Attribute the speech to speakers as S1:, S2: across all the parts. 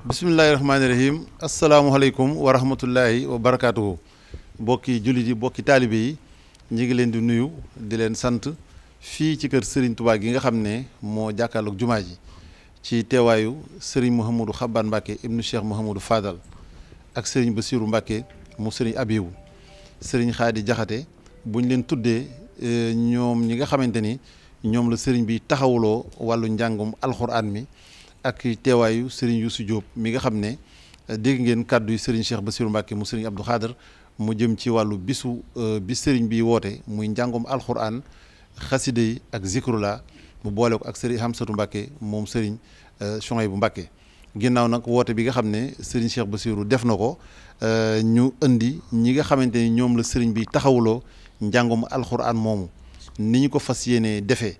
S1: bisimilahi rahmaani rahim asalaamualeykum wa rahmatullahi wa barakaatuhu bokki jullit yi bokki taalibe yi ñu ngi leen di nuyu di leen sant fii ci kër Serigne Touba gi nga xam ne moo jàkkaarloog jumaa ji ci teewaayu Serigne Mouhamadou Xabbaan Mbacke ibnu Cheikh Mouhamadou Fadal ak Serigne Bassirou Mbacke mu Serigne Abibu Serigne Xaadi Jaxate buñ leen tuddee eh, ñoom ñi nga xamante ni ñoom la Serigne bi taxawuloo wàllu njàngum alxuraan mi. ak teewaayu Serigne Youssou Diop mi nga xam ne euh, dégg ngeen kàddu yi Serigne Cheikh Bassirou Mbacke mu Serigne Abdou Khader mu jëm ci wàllu bisu euh, bi Serigne bi woote muy njàngum alxuraan xaside yi ak zikrula mu boole ko ak Serigne Hamsatou Mbacke moom Serigne euh, bu Mbacke ginnaaw nag woote bi nga xam ne Serigne Cheikh Bassirou def na ko ñu indi ñi nga xamante ni ñoom la Serigne bi taxawuloo njàngum alxuraan moomu ni ñu ko fas yéene defee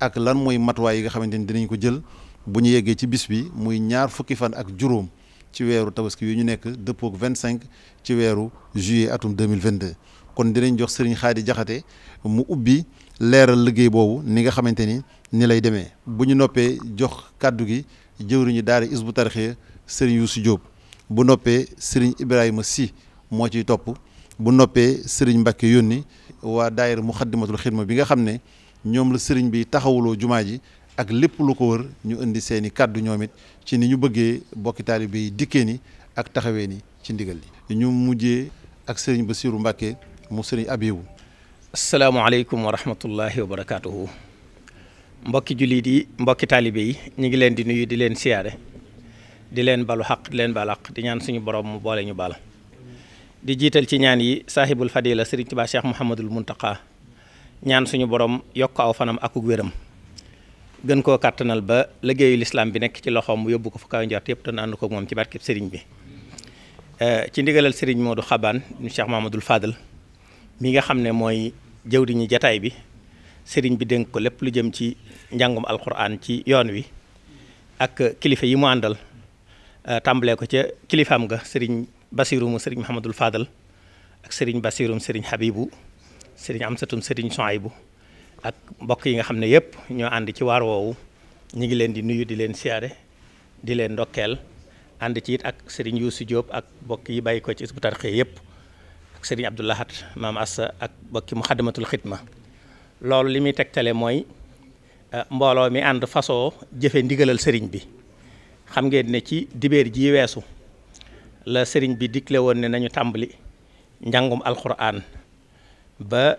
S1: ak lan mooy matuwaay yi nga xamante ni dinañ ko jël. bu ñu yeggee ci bis bi muy ñaar fukki fan ak juróom ci weeru tabaski yu ñu nekk dëppook cinq ci weeru juillet atum 2022 kon dinañ jox sëriñ Xaadi Jaxate mu ubbi leeral liggéey boobu ni nga xamante ni ni lay demee bu ñu noppee jox kàddu gi jëwriñu daara Hizbut Tarqiyyah sëriñ si Diop bu noppee sëriñ Ibrahima si moo ciy topp bu noppee sëriñ yoon yónni waa daayira Muxaddamatul Xidma bi nga xam ne ñoom la sëriñ bi taxawuloo jumaa ji ak lépp lu ko wër ñu indi seeni kàddu ñoomit ci ni ñu bëggee bokki taalibe yi dikkee ni ak taxawee ni ci ndigal yi ñu mujjee ak sëriñ Bassirou Mbacke mu sëriñ Abibu asalaamaaleykum wa rahmatullahi wa barakaatuhu
S2: mbokki jullit yi mbokki taalibe yi ñu ngi leen di nuyu di leen siyaare di leen balu xaq di leen baal xaq di ñaan suñu borom mu boole ñu bal di jiital ci ñaan yi saahibul fadila sëriñ Tuubaa Cheikh Mouhamadul Muntaqa ñaan suñu borom yokk fanam akuk wéram gën koo kàttanal ba liggéeyu lislaam bi nekk ci loxoom yóbbu ko fu kaw njort yëpp te ànd ko moom ci barkeb sëriñ bi eh, ci ndigalal sëriñ Modou Xabaan ñu Cheikh Mamadou Fadal mi nga xam ne mooy jëwriñu jataay bi sëriñ bi dénk ko lépp lu jëm ci njàngum alquran ci yoon wi ak kilifa yi mu àndal eh, tàmbalee ko ca kilifaam ga sëriñ basirum sëriñ Mahamadul Fadal ak sëriñ basirum sëriñ Habibu sëriñ Amsatum sëriñ Soaybu ak mbokk yi nga xam ne yëpp ñoo ànd ci waar woowu ñu ngi leen di nuyu di leen siyaare di leen ndokkeel ànd ci it ak sëriñ yu Diop ak mbokk yi bàyyi ko ci Hizbut Tarqiyyah yëpp ak sëriñ Abdou Lahad maam Assa ak mbokki Muxaddamatul Xidma loolu li muy tegtale mooy euh, mbooloo mi ànd fasoo jëfe ndigalal sëriñ bi xam ngeen ne ci dibeer ji weesu la sëriñ bi digle woon ne nañu tàmbali njàngum alxuraan ba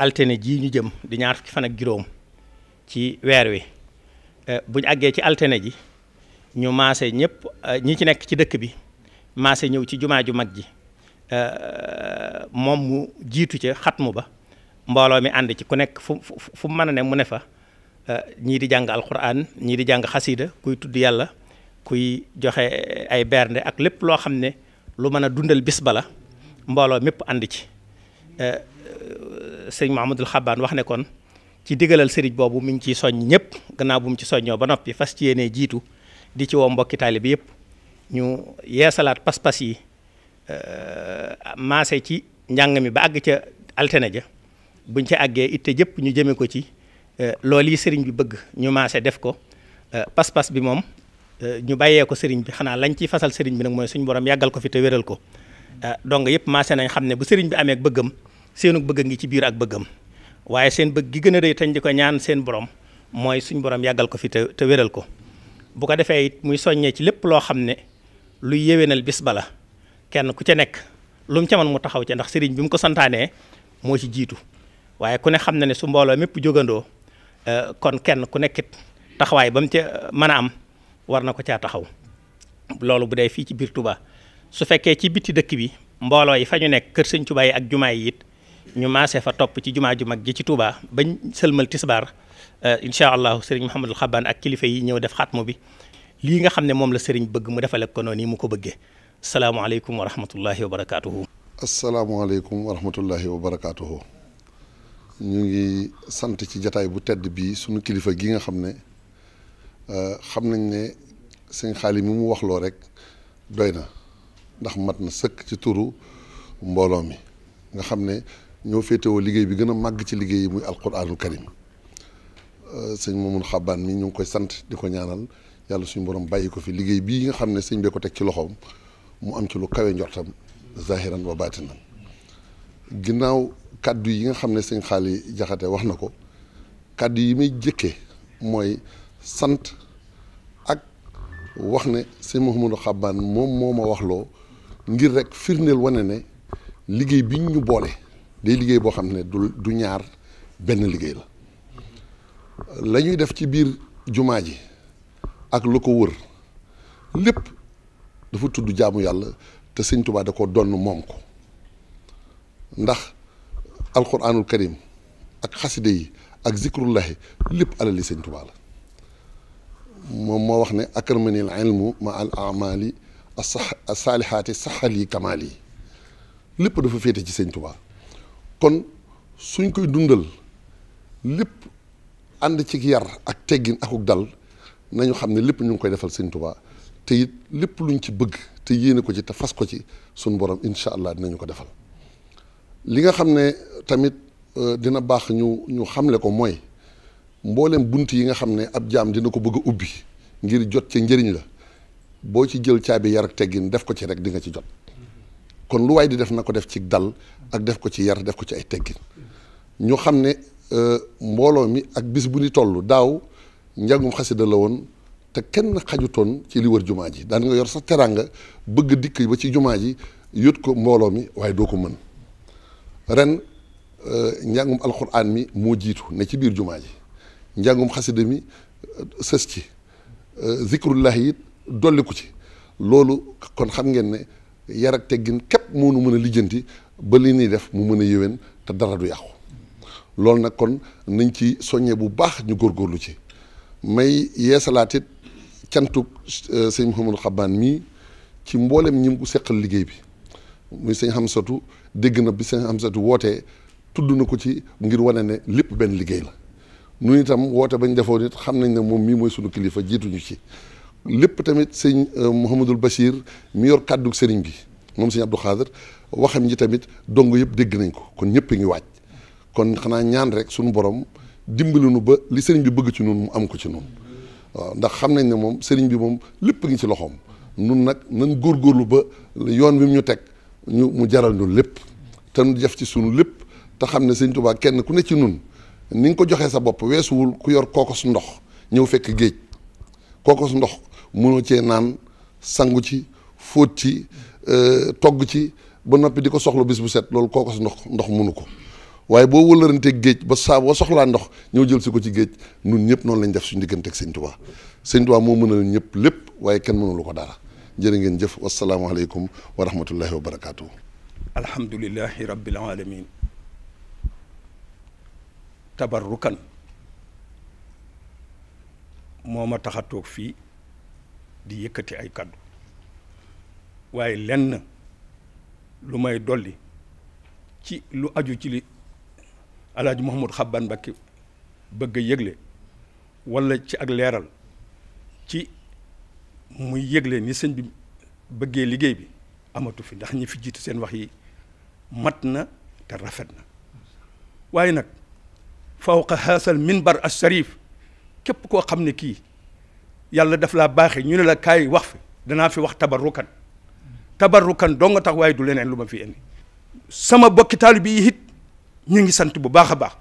S2: altine jii ñu jëm di ñaar fan ak juróom ci weer wi eh, buñ àggee ci altine ji ñu maase ñëpp eh, ñi ci nekk ci dëkk bi maase ñëw ci jumaa ju mag ji eh, moom mu jiitu ca xatmu ba mbooloo mi ànd ci ku nekk fu fu mu mën a ne mu ne fa ñii di jàng alquran ñii di jàng xasida kuy tudd yàlla kuy joxe ay bernde ak lépp loo xam ne lu mën a dundal bis bala mbooloo mépp ànd ci sëriñ Mahamadul Xabaan wax ne kon ci digalal sëriñ boobu mi ngi ciy soñ ñëpp gannaaw bu mu ci soññoo ba noppi fas ci yéenee jiitu di ci woo mbokki taalibe yëpp ñu yeesalaat pas-pas yi euh, maase ci njàng mi ba àgg ca altine ja buñ ci àggee itte jëpp ñu jëme ko ci euh, lool yi sëriñ bi bëgg ñu maase def ko euh, pas-pas bi moom ñu bàyyee ko sëriñ bi xanaa lañ ciy fasal sëriñ bi nag mooy suñu borom yàggal ko fi te wéral ko donc yëpp maase nañ xam ne bu sëriñ bi amee bëggam seenu bëgg a ngi ci biir ak bëggam waaye seen bëgg gi gën a rëy tañ di ko ñaan seen borom mooy suñ borom yàggal ko fi te te wéral ko bu ko defee it muy soññee ci lépp loo xam ne luy yéwénal bis bala kenn ku ca nekk lu mu ca man mu taxaw ca ndax sëriñ bi mu ko santaanee moo ci jiitu waaye ku ne xam na ne su mbooloo mépp jógandoo eh, kon kenn ku nekkit taxawaay ba mu ca mën a am war na ko caa taxaw loolu bu dee fii ci biir Touba su fekkee ci bitti dëkk bi mbooloo yi fa nekk sëñ Touba yi ak jumaa yi it ñu maase fa topp ci jumaa ju mag ji ci Touba bañ sëlmal tisbaar euh, incha allah sëriñ Mouhamadul Xabaan ak kilifa yi ñëw def xatmu bi lii nga xam ne moom la sëriñ bëgg mu defale ko noonu yi mu ko bëggee salaamualeykum wa rahmatullahi wa barakaatuhu.
S3: asalaamualeykum wa rahmatullahi wa barakaatuhu. ñu ngi sant ci jataay bu tedd bii suñu kilifa gii nga xam ne euh, xam nañ ne sëñ xaalis mi mu waxloo rek doy na ndax mat na sëkk ci turu mbooloo mi nga xam ne ñoo féetewoo liggéey bi gën a màgg ci liggéey yi muy alquraanul karim euh, sëñ Mamoun Xabaan mi ñu ngi koy sant di ko ñaanal yàlla suñu borom bàyyi ko fi liggéey bii nga xam ne sëñ bee ko teg ci am ci lu kawe njortam zahiran wa baatinan ginnaaw kàddu yi nga xam ne sëñ Xaali Jaxate wax na ko kàddu yi may jëkkee mooy sant ak wax ne sëñ Mamoun Xabaan moom moo ma waxloo ngir rek firndeel wane ne liggéey biñ ñu boole. day liggéey boo xam ne du du ñaar benn liggéey la lañuy def ci biir jumaa ji ak lu ko wër lépp dafa tudd jaamu yàlla te sëñ Tuubaa da ko donn moom ko ndax alquranul karim ak xaside yi ak zikrullahi lépp alali sëñ Tuubaa la moom moo wax ne akramani al ilmu saalihaati saxal kamaal yi lépp dafa féete ci sëñ Tuubaa kon suñ koy dundal lépp ànd ci yar ak teggin akuk dal nañu xam ne lépp ñu ngi koy defal sëñ Tuubaa te it lépp luñ ci bëgg te yéene ko ci te fas ko ci suñ borom incha allah dinañu ko defal li nga xam ne tamit euh, dina baax ñu ñu xamle ko mooy mboolem bunt yi nga xam ne ab jaam dina ko bëgg ubbi ngir jot ca njëriñ la boo ci jël caabi yar ak teggin def ko ci rek di nga ci jot kon lu waay di def na ko def ci dal ak def ko ci yar def ko ci ay teggin ñu xam ne euh, mbooloo mi ak bis bu ni tollu daaw njàngum xasida la woon te kenn xajutoon ci li wër jumaa ji daan nga yor sax teraanga bëgg dikk ba ci jumaa ji yót ko mbooloo mi waaye doo ko mën ren euh, njàngum alxuraan mi moo jiitu ne ci biir jumaa ji njàngum xasida mi euh, sës ci zikrullahi it dolliku ci loolu kon xam ngeen ne yar ak teggin képp moo mën a lijjanti ba li ñuy def mu mën a yéwén te dara du yàqu loolu nag kon nañ ci soññee bu baax ñu góor góorlu ci may yeesalaat it cantuk euh, sëñ Mouhamadou Xabaan mii ci mboolem ñi ku seqal liggéey bi muy xam Hamsatu dégg na bi sëñ Hamsatu wootee tudd na ko ci ngir wane ne lipp benn liggéey la nu itam woote bañ defoon it xam nañ ne moom mii mooy sunu kilifa jiituñu ci. lépp tamit sëñ euh, Mouhamadul Bachir mu yor kàddu sëriñ bi moom sëñ Abdou Khader waxam ji tamit dong yëpp dégg nañ ko kon ñëpp a ngi waaj kon xanaa ñaan rek suñu borom dimbali nu ba li sëriñ bi bëgg ci noonu mu am ko ci noonu waaw ndax xam nañ ne moom sëriñ bi moom lépp ngi ci loxoom nun nag nan góorlu ba yoon wi mu ñu teg ñu mu jaral ñu lépp te nu def ci sunu lépp te xam ne sëñ Tuubaa kenn ku ne ci nun ni nga ko joxee sa bopp weesuwul ku yor kookos ndox ñëw fekk géej kookos ndox mënoo cee naan sangu ci fóot ci euh, togg ci ba noppi di ko soxla bis bu set loolu kookos ndox ndox munu ko waaye boo wëlërantee géej ba saa boo soxlaa ndox ñëw jël si ko ci géej nun ñëpp noonu lañ def suñu diggante ak sëñ Tuubaa sëñ Tuubaa moo mënal ñëpp lépp waaye kenn mënulu ko dara jërë ngeen jëf wasalaamualeykum wa rahmatullahi wa barakaatu.
S4: alhamdulilahi rabbil alamin tabarrukan moo ma tax a toog fii di yëkkati ay kàddu waaye lenn lu may dolli ci lu aju ci li alaaji Mouhamadou Xabban Mbacké bëgg a yëgle wala ci ak leeral ci muy yëgle ni sëñ bi bëggee liggéey bi amatu fi ndax ñi fi jiitu seen wax yi mat na te rafet na waaye nag fawqa haasal minbar as sharif képp koo xam ne kii yàlla daf laa baaxe ñu ne la kaay wax fi danaa fi wax tabarrukan tabarrukan doo nga tax waaye du leneen lu ma fi indi sama bokki taalibe bi it ñu ngi sant bu baax a baax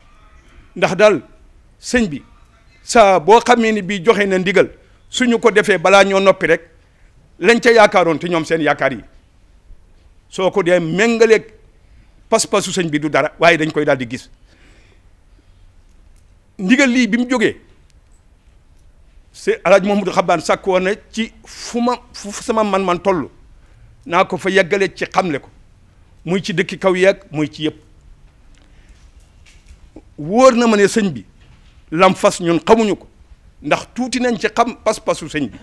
S4: ndax daal sëñ bi sa boo xamee ni bii joxe na ndigal suñu ko defee balaa ñoo noppi rek lañ ca yaakaaroon te ñoom seen yaakaar yi soo ko dee méngaleeg pas-pasu sëñ bi du dara waaye dañ koy daal di gis ndigal lii bi mu jógee. se alaaj Mamadou Xabaan sàkk woon ne ci fu ma fu sama man-man toll naa ko fa yeggale ci xamle ko muy ci dëkki kaw yeeg muy ci yëpp wóor na ma ne sëñ bi lam fas ñun xamuñu ko ndax tuuti nañ ci xam pas-pasu sëñ bi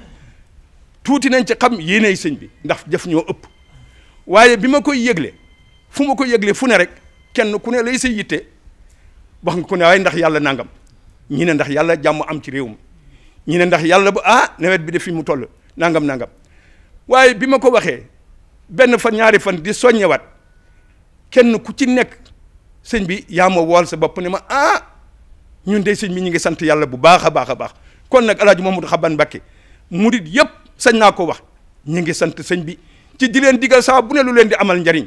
S4: tuuti nañ ci xam yéeney sëñ bi ndax jaf ñoo ëpp waaye bi ma koy yëgle fu ma koy yëgle fu ne rek kenn ku ne lay sa yitte wax nga ko ne waaye ndax yàlla nangam ñi ne ndax yàlla jàmm am ci réew mi ñu ne ndax yàlla bu ah nawet bi de fi mu toll nangam nangam waaye bi ma ko waxee benn fan ñaari fan di soññewaat kenn ku ci nekk sëñ bi yaa ma wool sa bopp ne ma ah ñun de sëñ bi ñu ngi sant yàlla bu baax a baax a baax kon nag El Hadj Mamadou Xaban mu dit yëpp sañ naa ko wax ñu ngi sant sëñ bi ci di leen digal saa bu ne lu leen di amal njariñ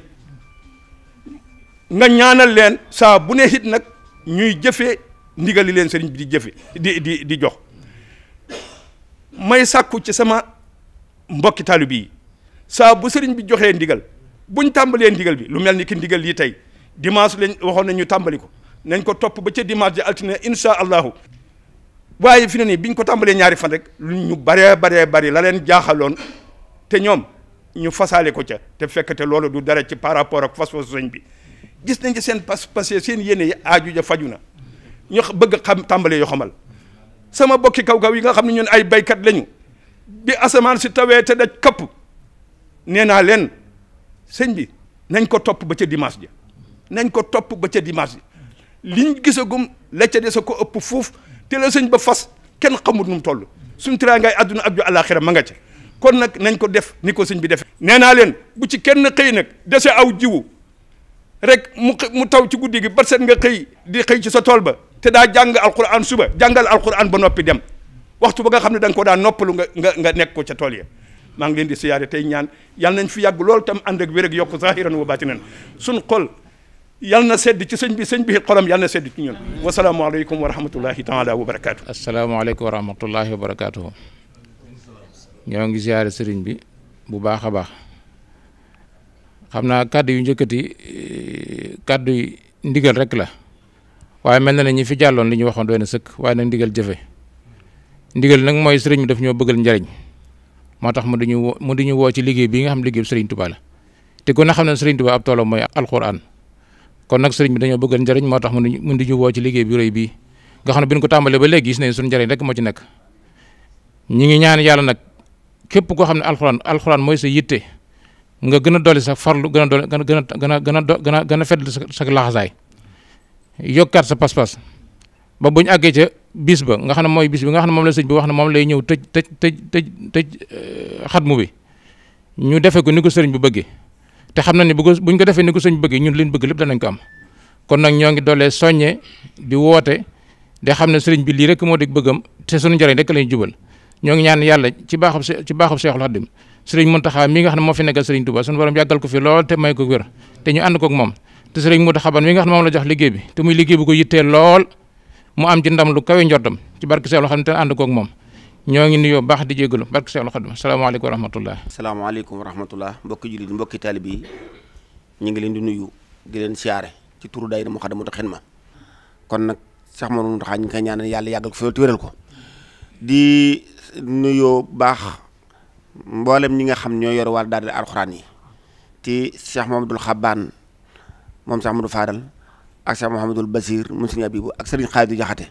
S4: nga ñaanal leen saa bu ne it nag ñuy jëfe jëfee ndigali leen sëriñ bi di jëfe di di di jox. may sàkku ci sama mbokki taalibe bi saa bu sëriñ bi joxee ndigal buñ tàmbalee ndigal bi lu mel ni ki ndigal lii tey dimanche lañ waxoon nañ ñu tàmbali ko nañ ko topp ba ca dimanche di altine insha allahu waaye fi ne nii biñ ko tàmbalee ñaari fan rek lu ñu baree baree bari la leen jaaxaloon te ñoom ñu fasaale ko ca te fekk te loolu du dara ci par rapport ak fas sëñ bi gis nañ ci seen pas passé seen yéene yi aaju ja faju na ñu bëgg xam tàmbalee yoo xamal sama bokki kaw-kaw yi nga xam ne ñun ay baykat lañu bi asamaan si tawee te daj kapp nee naa leen sëñ bi nañ ko topp ba ca dimanche ji nañ ko topp ba ca dimanche ji liñ gisagum la ca des a ko ëpp fuuf te la sëñ ba fas kenn xamut nu mu toll suñ tiraa ngay àdduna ak ju àllaaxira ma nga ca kon nag nañ ko def ni ko sëñ bi defee. nee naa leen bu ci kenn xëy nag dese aw jiwu rek mu mu taw ci guddi gi ba set nga xëy di xëy ci sa tool ba. te daa jàng alquran suba jàngal alquran ba noppi dem waxtu ba nga xam ne da nga ko daa noppalu nga nga nga nekk ko ca tool ya maa ngi leen di siyaare tey ñaan yal nañ fi yàgg loolu tam ànd ak wér ak yokk zahiran wa batinan suñ xol yal na sedd ci sëñ bi sëñ bi xolam yal na sedd ci ñun wasalaamualeykum wa rahmatullahi taala wa barakaatu
S5: asalaamaaleykum wa rahmatullahi wa barakaatu ñoo ngi siyaare sëriñ bi bu baax a baax xam naa kàddu yu njëkkati eh, kàddu yi ndigal rek la waaye mel na ne ñi fi jàlloon li ñu waxoon doy na sëkk waaye nag ndigal jëfe ndigal nag mooy sëriñ bi daf ñoo bëggal njariñ moo tax mu diñu woo mu diñu woo ci liggéey bii nga xam liggéey sëriñ Tuubaa te ku ne xam ne sëriñ Tuubaa ab toolam mooy kon nag sëriñ bi dañoo bëggal njariñ moo tax mu mu diñu woo ci liggéey bi rëy bii nga xam ne bi ñu ko tàmbalee ba léegi gis nañ suñu njariñ rek moo ci nekk ñi ngi ñaan yàlla nag képp koo xam ne alxuraan alxuraan mooy sa yitte nga gën a dolli sa farlu gën a dolli gën a gën a gën a gën a gën a fedd sa laxasaay yokkaat sa pas-pas ba buñ àggee ca bis ba nga xam ne mooy bis bi nga xam ne moom la sëñ bi wax ne moom lay ñëw tëj tëj tëj tëj tëj euh, xatmu bi ñu defee ko ni ko sëriñ bu bëggee te xam na ne bu ko buñ ko defee ni ko sëriñ bi bëggee ñun liñ bëgg lépp danañ ko am kon nag ñoo ngi doolee soññee di woote de xam ne sëriñ bi lii rek moo di bëggam te sunu njëriñ rek lañ jubal ñoo ngi ñaan yàlla ci baaxub ci baaxub Seexul Xaadim sëriñ Muntaxa mi nga xam ne moo fi nekkal sëriñ Tuubaa sunu borom yàggal ko fi lool te may ko wér te ñu ànd kook moom te sëriñ Mouta Xaban mi nga xam ne moom la jox liggéey bi te muy liggéey bu ko yittee lool mu am ci ndam lu kawe njortam ci barke Seexul Xadim te ànd koog moom ñoo ngi nuyoo baax di jégalu barke Seexul Xadim salaamaaleykum wa rahmatullah
S6: salaamaaleykum wa rahmatullah mbokki jullit mbokki taalib yi ñu ngi leen di nuyu di leen siyaare ci turu daayira Moukhaddamatoul Khidma kon nag Seex Mouhamadou Mountakha ñu ngi koy ñaanal yàlla yàggal ko fi te wéral nuyoo baax mboolem ñi nga xam ñoo yor wàllu daal alxuraan yi te Seex Mouhamadoul Xaban moom Cheikh Amadou Fadal ak Cheikh Mouhamadul Basir mu Serigne Abibou ak Serigne Khalidou Diakhaté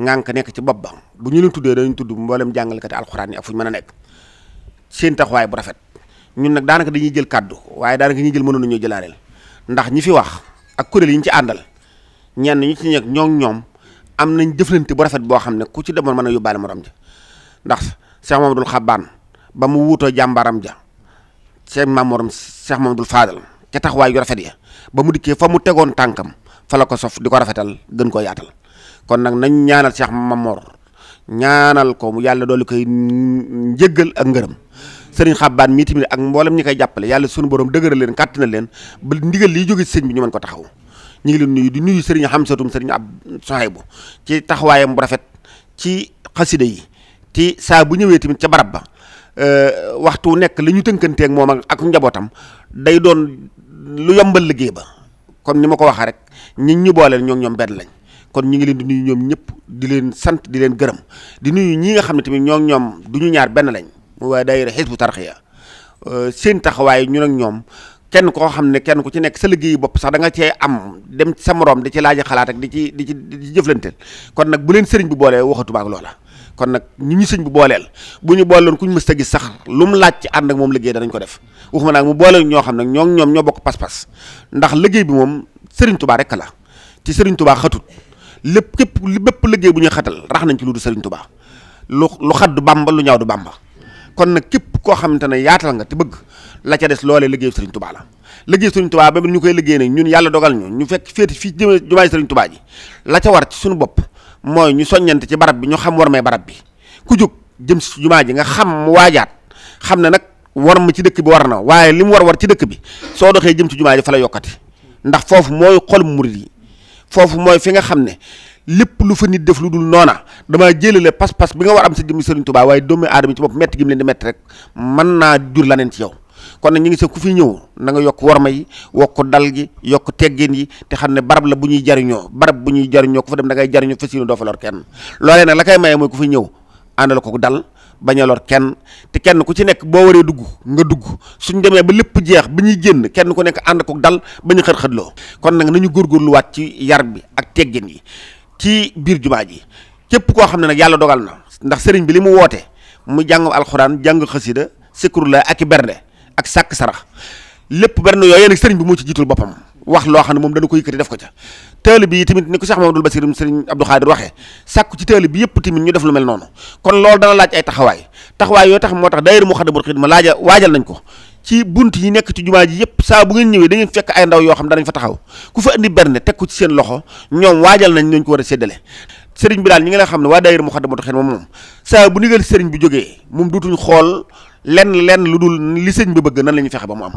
S6: ngànk nekk ci bopp ba bu ñu leen tuddee dañu tudd mboolem jàngalekati alxuraan yi ak fu ñu mën a nekk seen taxawaay bu rafet ñun nag daanaka dañuy jël kàddu waaye daanaka ñuy jël mënoon ñoo jëlaareel ndax ñi fi wax ak kuréel yi ñu ci àndal ñenn ñu ci nekk ñoom ñoom am nañ jëflante bu rafet boo xam ne ku ci demoon mën a yóbbaale morom ja ndax Cheikh Mamadou Xabaan ba mu wuutoo jàmbaram ja Cheikh Mamadou Cheikh Mamadou Fadal ca taxawaay yu rafet ya ba mu dikkee fa mu tegoon tànkam fa la ko sof di ko rafetal gën koo yaatal kon nag nañ ñaanal Cheikh Mamor ñaanal ko mu yàlla doolu koy njëggal ak ngërëm sëriñ xabbaan mii tamit ak mboolem ñu koy jàppale yàlla sunu borom dëgëral leen kàttanal leen ba ndigal liy jóge sëñ bi ñu man ko taxaw ñu ngi leen nuyu di nuyu sëriñ xamsatum sëriñ ab sohaybu ci taxawaayam bu rafet ci xasida yi ti saa bu ñëwee tamit ca barab ba waxtu nekk li ñu tënkanteeg moom ak njabootam lu yombal liggéey ba kon ni ma ko waxee rek ñi ñu booleel ñoom ñoom benn lañ kon ñu ngi leen di nuyu ñoom ñëpp di leen sant di leen gërëm di nuyu ñi nga xam ni tamit ñoom ñoom du ñu ñaar benn lañ mu waaye daayira Hizbut Tarqiyyah euh, seen taxawaay ñun ak ñoom kenn koo xam ne kenn ku ci nekk sa liggéeyu bopp sax da nga cee am dem sa morom di ci laaj xalaat ak di ci di ci di jëflanteel kon nag bu leen sëriñ bu boolee waxatu ak loola. kon nag ñi ñu sëñ bu booleel bu ñu booleloon ku ñu mës a gis sax lu mu laaj ci ànd ak moom liggéey danañ ko def waxuma nag mu boole ñoo xam nag ñoo ñoom ñoo bokk pas-pas ndax liggéey bi moom Serigne tubaa rek la ci Serigne Touba xatut lépp képp bépp liggéey bu ñuy xatal rax nañ ci lu du Serigne Touba lu lu xat du Bàmba lu ñaaw du Bàmba kon nag képp koo xamante ne yaatal nga te bëgg la ca des loolee liggéey Serigne Touba la liggéey Serigne Touba ba ñu koy liggéey nag ñun yàlla dogal ñu ñu fekk féeti fii jëme jumaay Serigne Touba ji la ca war ci suñu bopp mooy ñu soññante ci barab bi ñu xam war may barab bi ku jóg jëm si jumaa ji nga xam waajaat xam ne nag war ma ci dëkk bi war na waaye li mu war war ci dëkk bi soo doxee jëm ci jumaa ji fa la yokkati ndax foofu mooy xol murid yi foofu mooy fi nga xam ne lépp lu fa nit def lu dul noona damaa jëlale pas-pas bi nga war am sa jëmmi Sëriñ Tuubaa waaye doomi aadama ci bopp metti gi leen di metti rek mën naa jur laneen ci yow kon nag ñu ngi sa ku fi ñëw na nga yokk warma yi wokk dal gi yokk teggin yi te xam ne barab la bu ñuy jariñoo barab bu ñuy jariñoo ku fa dem da ngay jariñoo fas yéene doo fa lor kenn loolee nag la koy maye mooy ku fi ko dal bañ a kenn te kenn ku ci nekk boo waree dugg nga dugg suñ demee ba lépp jeex ba ñuy génn kenn ku nekk ànd ko dal ba ñu xët-xëtloo kon nag nañu góorgóorluwaat ci yar bi ak teggin yi ci biir jumaa ji képp koo xam ne nag yàlla dogal na ndax sëriñ bi li mu woote mu jàng alxuraan jàng xasida sikru la ak i bernde ak sàkk sarax lépp bernde yooyu nag sëriñ bi moo ci jiitul boppam wax loo xam ne moom dana ko yëkkati def ko ca taalibe yi tamit ni ko Cheikh Mamadou Bassir Serigne Abdou Khadir waxee sàkku ci taalibe bi yëpp tamit ñu def lu mel noonu kon lool dana laaj ay taxawaay taxawaay yoo tax moo tax day daayira Moukhaddamatoul Khidma laaja waajal nañ ko ci bunt yi nekk ci jumaa ji yëpp saa bu ngeen ñëwee dangeen ngeen fekk ay ndaw yoo xam danañ fa taxaw ku fa indi berne teg ko ci seen loxo ñoom waajal nañ ñooñu ko war a séddale sëriñ bi daal ñi nga xam ne waa daayira Moukhaddamatoul Khidma moom saa bu ndigal sëriñ bi jógee moom duutuñ xool lenn lenn lu dul li sëriñ bi bëgg na la ñuy fexe ba mu am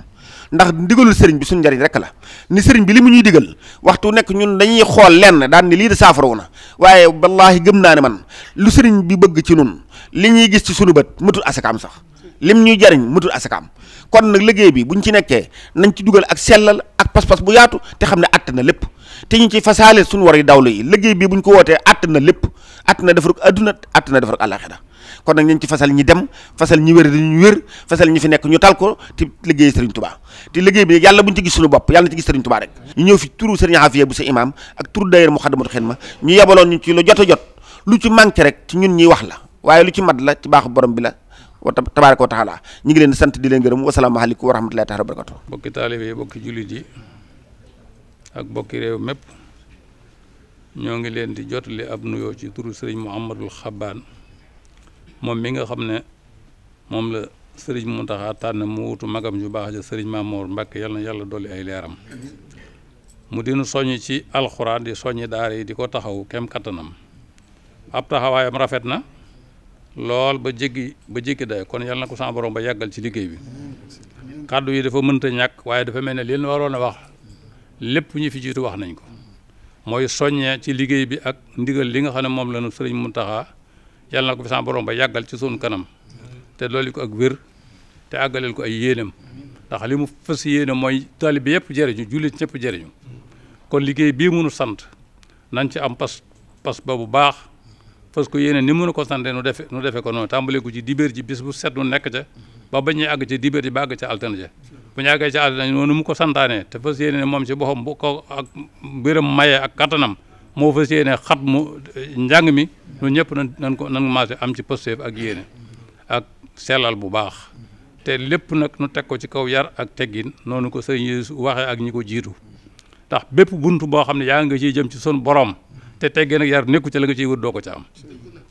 S6: ndax ndigalul sëriñ bi suñu njariñ rek la ni sëriñ bi li mu ñuy digal waxtu nekk ñun dañuy xool lenn daan ni lii de saafarawu na waaye wallaahi gëm naa ne man lu sëriñ bi bëgg ci nun li ñuy gis ci suñu bët mëtul asakaam sax lim ñuy jariñ mëtul asakaam kon nag liggéey bi buñ ci nekkee nañ ci dugal ak sellal pas-pas bu yaatu te xam ne àtt na lépp te ñu ci fasaale suñu war yi dawlu yi liggéey bii bu ñu ko wootee àtt na lépp àtt na defarug adduna àtt na defarug àllaaxira kon nag ñu ci fasal ñi dem fasal ñi wér dañu wér fasal ñi fi nekk ñu tal ko te liggéey Serigne Touba te bi yàlla buñ ci gis suñu bopp yàlla na ci gis Serigne Touba rek ñu ñëw fi turu Serigne Xaafiya bu sa imaam ak turu daayira Muxaddamatul Xidma ñu yebaloon ñu jot a jot lu rek ci ñun ñuy wax la waaye lu ci mat la ci borom bi la wa tabaaraka wa taala ñu ngi leen di sant di leen gërëm wasalaamaaleykum wa rahmatullahi taala wa barakatu
S7: bokki taalibe yi bokki jullit yi ak bokki réew mépp ñoo ngi leen di jotali ab nuyoo ci turu sëriñ Mouhamadul Xabaan moom mi nga xam ne moom la sëriñ Mountakha tànn mu wutu magam ju baax sëriñ Mamour Mbacke yal na yàlla dolli ay leeram mu dinu soññ ci alxuraan di soññi daara yi di ko taxaw kem kattanam ab taxawaayam rafet na lool ba jéggi ba jéggi day kon yàlla na ko sama borom ba yàggal ci liggéey bi kàddu yi dafa mënta ñàkk waaye dafa mel ne leen waroon a wax lépp ñu fi jiitu wax nañ ko mooy soññee ci liggéey bi ak ndigal li nga xam ne moom la sëriñ sëriñ Muntaxa yàlla na ko fi sama ba yàggal ci sunu kanam te dolli ko ak wér te àggaleel ko ay yéenam ndax li mu fës yéene mooy taalibe yëpp jëriñu jullit ñëpp jëriñu kon liggéey bii mënu sant nañ ci am pas pas ba bu baax parce que yéene ni mën a ko sante nu defe nu defe ko noonu tàmbale ko ci dibéer ji bis bu set nu nekk ca ba bañ ñuy àgg ca dibéer ji ba àgg ca altine ja bu ñu àggee ca altine noonu mu ko santaane te fas yéene ne moom ci boppam bu ko ak mbiram maye ak kattanam moo fas yéene xat mu njàng mi nu ñëpp nan nan ko nan maase am ci posté ak yéene ak selal bu baax te lépp nag nu teg ko ci kaw yar ak teggin noonu ko sëñ Yeesu waxee ak ñi ko jiitu ndax bépp bunt boo xam ne yaa nga ciy jëm ci sun borom te teggee nag yar nekku ca la nga ciy wër doo ko ca am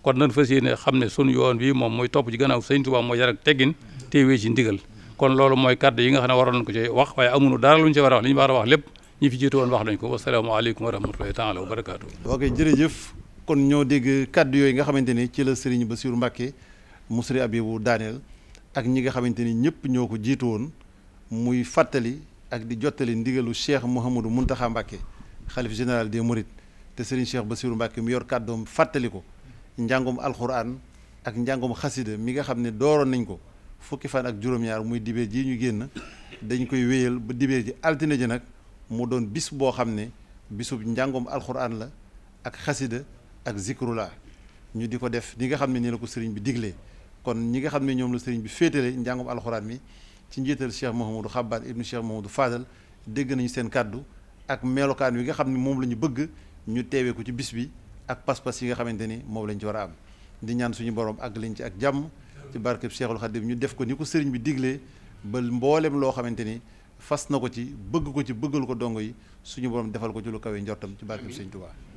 S7: kon nan fas yéene xam ne sunu yoon bi moom mooy topp ci gannaaw sëñ Tuubaa mooy yar ak teggin téewee ci ndigal kon loolu mooy kàddu yi nga xam ne waroon nañ ko ci wax waaye amuñu dara lu ñu ci war a a wax lépp ñi fi jiitu woon wax nañ ko wasalaamaaleykum wa rahmatullahi taala wa barakaatu ok
S1: jërëjëf kon ñoo dégg kàddu yooyu nga xamante ni ci la sëriñ Bassirou Mbacké mu sëriñ Abibu daaneel ak ñi nga xamante ni ñëpp ñoo ko jiitu woon muy fàttali ak di jottali ndigalu Cheikh mun Mountakha Mbacké xalif général des Mourides te Serigne Cheikh Bassirou Mbacke mu yor kàddoom fàttali ko njàngum alxuraan ak njàngum xasida mi nga xam ne dooroon nañ ko fukki fan ak juróom-ñaar muy dibeer ji ñu génn dañ koy wéyal ba dibeer ji altine ji nag mu doon bis boo xam ne bisub njàngum alxuraan la ak xasida ak zikrula ñu di ko def ni nga xam ne ni la ko sëriñ bi diglee kon ñi nga xam ne ñoom la sëriñ bi féetale njàngum alxuraan mi ci njiital Cheikh Mouhamadou Xabbaan ibnu Cheikh Mouhamadou Fadal dégg nañu seen kàddu ak melokaan wi nga xam ne moom la ñu bëgg ñu teewee ko ci bis bi ak pas-pas yi nga xamante ni moom lañ ci war a am di ñaan suñu borom ak lañ ci ak jàmm ci barkeb Cheikhul Khadim ñu def ko ni ko sëriñ bi diglee ba mbooleem loo xamante ni fas na ko ci bëgg ko ci bëggal ko dongo yi suñu borom defal ko ci lu kawe njortam ci barkeb Sëriñ Tuubaa